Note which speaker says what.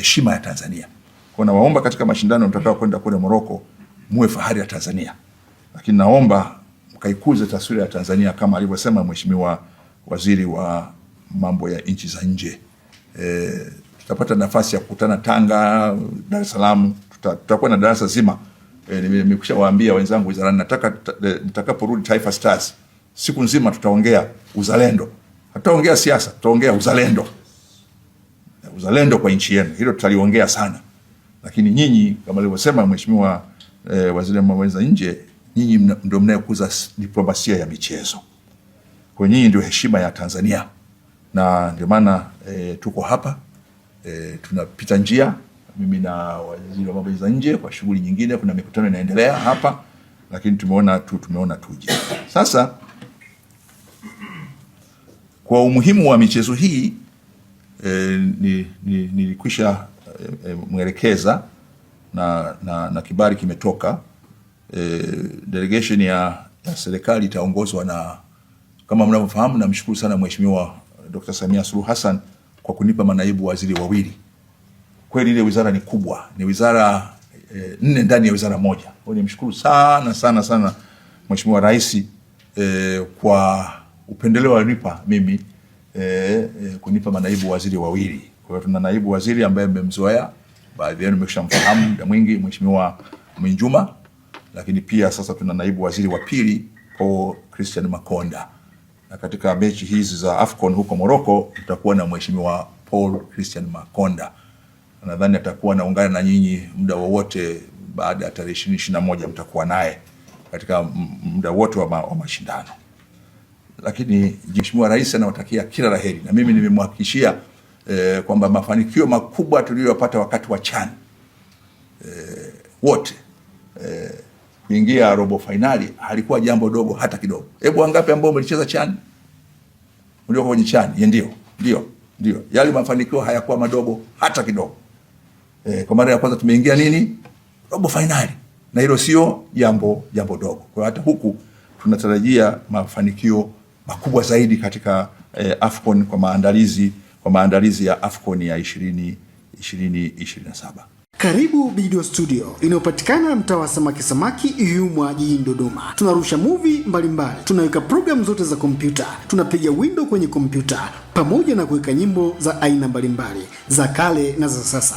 Speaker 1: heshima ya Tanzania. Kwa nawaomba katika mashindano mtakao kwenda kule Morocco muwe fahari ya Tanzania. Lakini naomba mkaikuze taswira ya Tanzania kama alivyosema Mheshimiwa Waziri wa mambo ya nchi za nje. E, tutapata nafasi ya kukutana Tanga, Dar es Salaam, tutakuwa na darasa zima. E, nimekushawaambia wenzangu wizarani, nataka e, nitakaporudi Taifa Stars siku nzima tutaongea uzalendo. Hataongea siasa, tutaongea uzalendo uzalendo kwa nchi yenu, hilo tutaliongea sana, lakini nyinyi kama alivyosema mheshimiwa e, waziri wa mambo ya nje, nyinyi ndio mnayekuza diplomasia ya michezo, kwa nyinyi ndio heshima ya Tanzania, na ndio maana e, tuko hapa e, tunapita njia mimi na waziri wa mambo ya nje kwa shughuli nyingine, kuna mikutano inaendelea hapa, lakini tumeona tu tumeona tuje sasa kwa umuhimu wa michezo hii e, eh, nilikwisha ni, ni e, mwelekeza na, na, na kibali kimetoka e, delegation ya, ya serikali itaongozwa na kama mnavyofahamu, namshukuru sana Mheshimiwa Dr. Samia Suluhu Hassan kwa kunipa manaibu waziri wawili. Kweli ile wizara ni kubwa, ni wizara e, nne ndani ya wizara moja. Kwa nimshukuru sana sana sana Mheshimiwa Rais e, kwa upendeleo alinipa mimi eh, eh, kunipa manaibu waziri wawili. Kwa hiyo tuna naibu waziri ambaye mmemzoea baadhi yenu mmeshamfahamu muda mwingi, Mheshimiwa Mwinjuma, lakini pia sasa tuna naibu waziri wa pili Paul Christian Makonda, na katika mechi hizi za Afcon huko Morocco tutakuwa na Mheshimiwa Paul Christian Makonda. Nadhani atakuwa naungana na nyinyi muda wowote baada ya tarehe ishirini na moja mtakuwa naye katika muda wote wa, ma wa mashindano lakini Mheshimiwa Rais anawatakia kila laheri, na mimi nimemhakikishia eh, kwamba mafanikio makubwa tuliyopata wakati wa CHAN eh, wote eh, kuingia robo fainali halikuwa jambo dogo hata kidogo. Hebu wangapi ambao mlicheza CHAN, mlio kwenye CHAN? Ndio, ndio, ndio, yale mafanikio hayakuwa madogo hata kidogo. Eh, kwa mara ya kwanza tumeingia nini robo fainali, na hilo sio jambo jambo dogo. Kwa hata huku tunatarajia mafanikio makubwa zaidi katika eh, Afcon kwa maandalizi kwa maandalizi ya Afcon ya 20 2027.
Speaker 2: Karibu video studio inayopatikana mtaa wa samaki samaki Yumwa jijini Dodoma. Tunarusha movie mbalimbali, tunaweka programu zote za kompyuta, tunapiga window kwenye kompyuta pamoja na kuweka nyimbo za aina mbalimbali za kale na za sasa.